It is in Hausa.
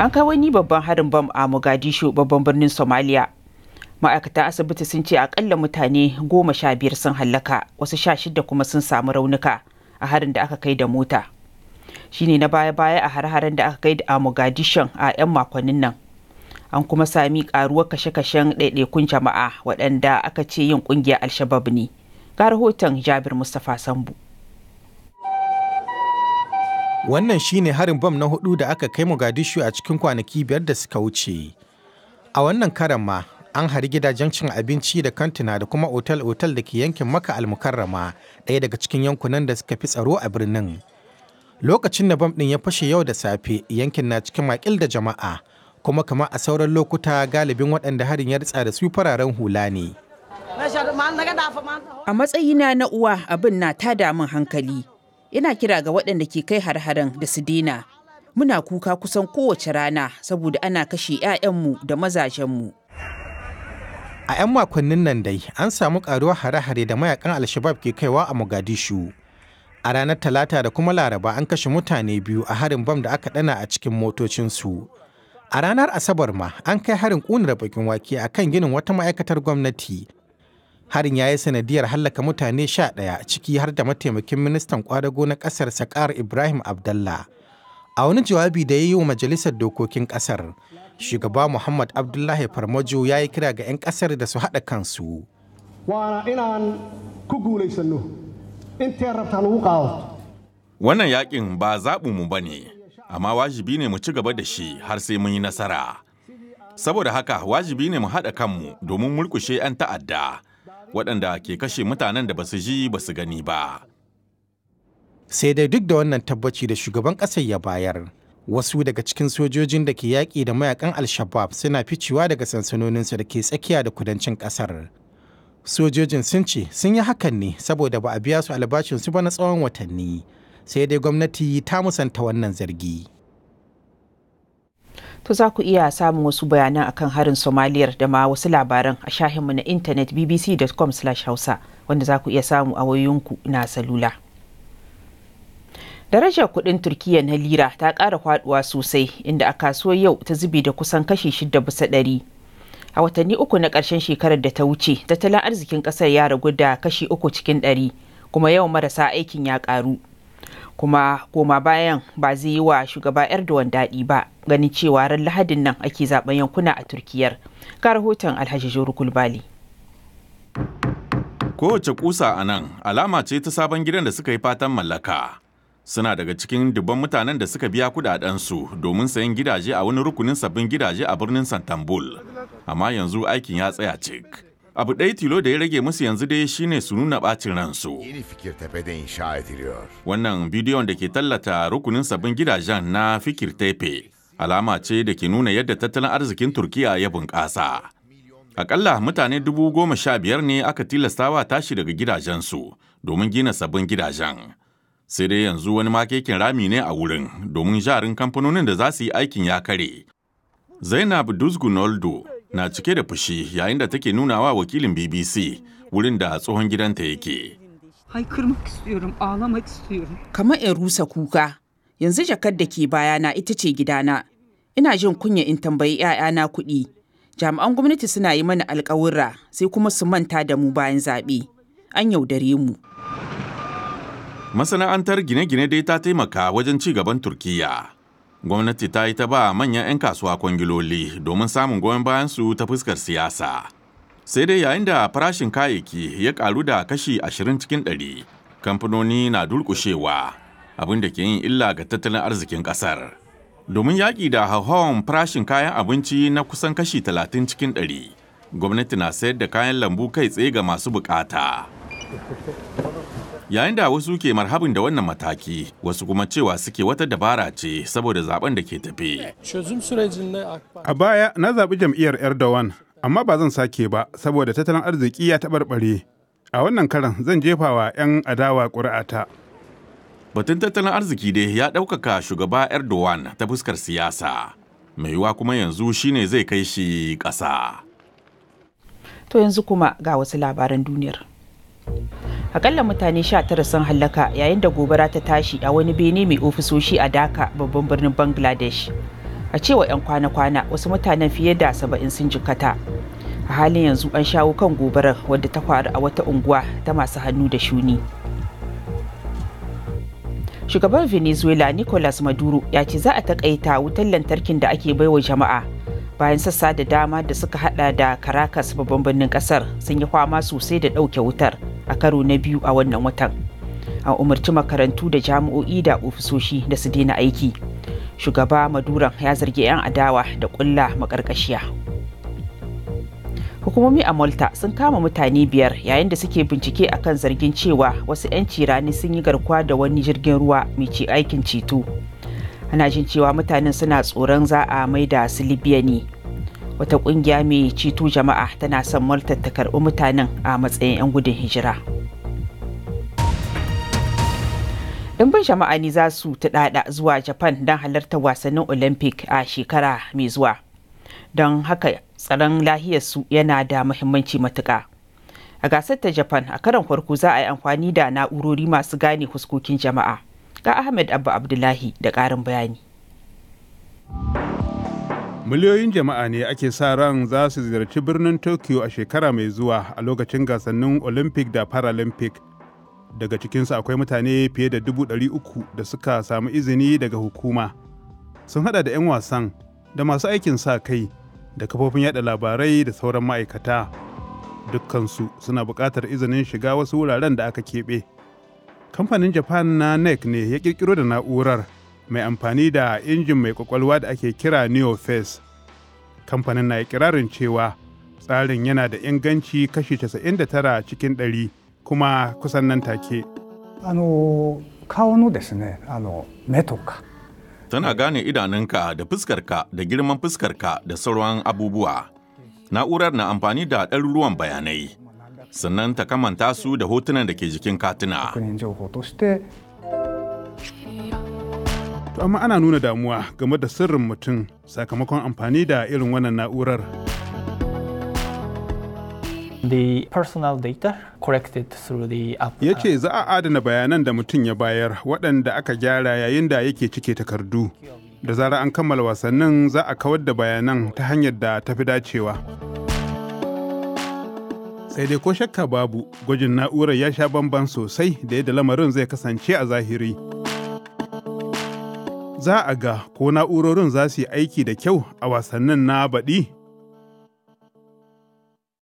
an kai wani babban harin bam a mogadishu babban birnin somalia ma'aikatan asibiti sun ce akalla mutane goma sha biyar sun hallaka wasu sha shida kuma sun samu raunuka a harin da aka kai da mota shine na baya-baya a har-haren da aka kai da Mogadishu a 'yan makonnin nan an kuma sami karuwar kashe-kashen ɗaiɗaikun jama'a waɗanda aka ce yin ƙungiyar alshabab ne ga rahoton jabir mustapha sambu Wannan shine harin bam na hudu da aka kai Mogadishu a cikin kwanaki biyar da suka wuce. A wannan karan ma an hari gidajen cin abinci da kantina da kuma otal-otal da ke yankin Maka Almukarrama, ɗaya daga cikin yankunan da suka fi tsaro a birnin. Lokacin da bam ɗin ya fashe yau da safe, yankin na cikin makil da jama'a, kuma kamar a sauran lokuta galibin waɗanda harin ya ritsa da su fararen hula ne. A matsayina na uwa abin na ta damun hankali. Yana kira ga waɗanda ke kai har-haren da su dina. Muna kuka kusan kowace rana saboda ana kashe 'ya'yanmu da mazajenmu. A 'yan makonnin nan dai an samu ƙaruwar hare-hare da mayakan Alshabab ke kaiwa a Mogadishu. A ranar Talata da kuma Laraba an kashe mutane biyu a harin bam da aka ɗana a cikin motocinsu. A ranar Asabar ma an kai harin ƙunar bakin wake a kan ginin wata ma'aikatar gwamnati harin ya yi sanadiyar hallaka mutane sha ɗaya ciki har da mataimakin ministan kwadago na ƙasar sakar ibrahim abdallah a wani jawabi da ya yi wa majalisar dokokin ƙasar shugaba muhammad abdullahi farmajo ya yi kira ga 'yan ƙasar da su haɗa kansu wannan yakin ba mu ba ne amma wajibi ne mu ci gaba da shi har sai mun yi nasara saboda haka wajibi ne mu haɗa kanmu domin mulkushe 'yan ta'adda waɗanda ke kashe mutanen da ba su ji ba su gani ba. Sai dai duk da wannan tabbaci da shugaban ƙasar ya bayar, wasu daga cikin sojojin da ke yaƙi da mayakan al-shabab suna ficewa daga sansanoninsu da ke tsakiya da kudancin ƙasar. Sojojin sun ce sun yi hakan ne saboda ba a biya su albashinsu ba na tsawon watanni, sai dai gwamnati ta musanta wannan zargi. To za ku iya samun wasu bayanan akan harin Somaliyar da ma wasu labaran a shahinmu na intanet bbc.com/hausa wanda za ku iya samu a wayoyinku na salula. Darajar kuɗin Turkiyya na lira ta ƙara kwaɗuwa sosai inda a kasuwar yau ta zube da kusan kashi shida bisa ɗari. A watanni uku na ƙarshen shekarar da ta wuce, tattalin arzikin ƙasar ya ragu da kashi uku cikin ɗari, kuma yawan marasa aikin ya ƙaru. kuma koma bayan ba zai yi wa shugaba erdogan daɗi ba ganin cewa ran lahadin nan ake zaben yankuna a turkiyar ga rahoton alhaji joru kulbali kowace kusa a nan alama ce ta sabon gidan da suka yi fatan mallaka suna daga cikin dubban mutanen da suka biya su domin sayan gidaje a wani rukunin sabbin gidaje a birnin santambul amma yanzu aikin ya tsaya cik Abu ɗaya tilo da ya rage musu yanzu dai shine su nuna ɓacin ransu. Wannan bidiyon da ke tallata rukunin sabbin gidajen na Fikir Tepe alama ce da ke nuna yadda tattalin arzikin Turkiya ya bunƙasa. Akalla mutane dubu goma sha biyar ne aka tilastawa tashi daga gidajensu domin gina sabbin gidajen. Sai dai yanzu wani makekin rami ne a wurin domin jarin kamfanonin da za su yi aikin ya kare. Zainab Duzgunoldo na cike da fushi yayin da take nuna wa wakilin BBC wurin da tsohon gidanta yake. Kamar in rusa kuka, yanzu jakar da ke bayana ita ce gidana. Ina jin kunya in tambayi 'ya'yana kuɗi. Jami'an gwamnati suna yi mana alkawura sai kuma su manta da mu bayan zaɓe. An yaudare mu. Masana'antar gine-gine dai ta taimaka wajen ci gaban Turkiyya. gwamnati ta yi ta ba manyan 'yan kasuwa kwangiloli domin samun goyon bayan su ta fuskar siyasa sai dai yayin da farashin kayayyaki ya karu da kashi 20 cikin 100 kamfanoni na durkushewa abin da ke yin illa ga tattalin arzikin kasar domin yaƙi da hauhawan farashin kayan abinci na kusan kashi 30 cikin 100 gwamnati na sayar da kayan lambu kai tsaye ga masu bukata Yayin da wasu ke marhabin da wannan mataki, wasu kuma cewa suke wata dabara ce saboda zaben da ke tafe. A baya na zaɓi jam'iyyar Erdogan, amma ba zan sake ba saboda tattalin arziki ya taɓarɓare. A wannan karan zan jefa wa 'yan adawa ƙuri'ata. Batun tattalin arziki dai ya ɗaukaka shugaba Erdogan ta fuskar siyasa. Mai yiwuwa kuma yanzu shine zai kai shi ƙasa. To yanzu kuma ga wasu labaran duniyar. akalla mutane 19 sun hallaka yayin da gobara ta tashi a wani bene mai ofisoshi a daka babban birnin bangladesh a cewa 'yan kwana-kwana wasu mutanen fiye da 70 sun jikata a halin yanzu an shawo kan gobarar wadda ta faru a wata unguwa ta masu hannu da shuni shugaban venezuela nicolas maduro ya ce za a takaita wutar lantarkin da ake baiwa jama'a bayan sassa da dama da suka hada da caracas babban birnin kasar sun yi kwama sosai da ɗauke wutar a karo na biyu a wannan watan an umarci makarantu da jami'o'i da ofisoshi da su daina aiki shugaba maduran ya zargi 'yan adawa da kulla makarkashiya hukumomi a malta sun kama mutane biyar yayin da suke bincike akan zargin cewa wasu 'yan cirani sun yi garkuwa da wani jirgin ruwa mai ce aikin ceto ana jin cewa mutanen suna tsoron za a maida su libya ne wata kungiya mai ceto jama'a tana son malta ta karɓi mutanen a matsayin 'yan gudun hijira dimbin jama'a ne za su tuɗaɗa zuwa japan don halartar wasannin olympic a shekara mai zuwa don haka tsaron lahiyarsu yana da muhimmanci matuka a gasar ta japan a karon farko za a yi amfani da na'urori masu gane huskokin jama'a ga ahmed abba abdullahi da ƙarin bayani miliyoyin jama'a ne ake sa ran za su ziyarci birnin tokyo a shekara mai zuwa a lokacin gasannin olympic da paralympic daga cikinsu akwai mutane fiye da dubu ɗari uku da suka samu izini daga hukuma sun hada da 'yan wasan da masu aikin sa kai da kafofin yada labarai da sauran ma'aikata dukkansu suna buƙatar izinin shiga wasu wuraren da aka keɓe kamfanin japan na nec ne ya ƙirƙiro da na'urar mai amfani da injin mai kwakwalwa da ake kira neoface kamfanin na ikirarin cewa tsarin yana da inganci kashi 99 cikin 100 kuma kusan nan take. Tana gane idanunka da fuskarka da girman fuskarka da sauran abubuwa. Na'urar na amfani da ɗaruruwan bayanai, sannan ta kamanta su da hotunan da ke jikin katuna. amma ana nuna damuwa game da sirrin mutum sakamakon amfani da irin wannan na'urar. Ya ce za a adana bayanan da mutum ya bayar waɗanda aka gyara yayin da yake cike takardu. Da zara an kammala wasannin za a kawar da bayanan ta hanyar da ta fi dacewa. Sai dai ko shakka babu gwajin na'urar ya sha bamban sosai da yadda lamarin zai kasance a zahiri. za a ga ko na'urorin za su yi aiki da kyau a wasannin na baɗi?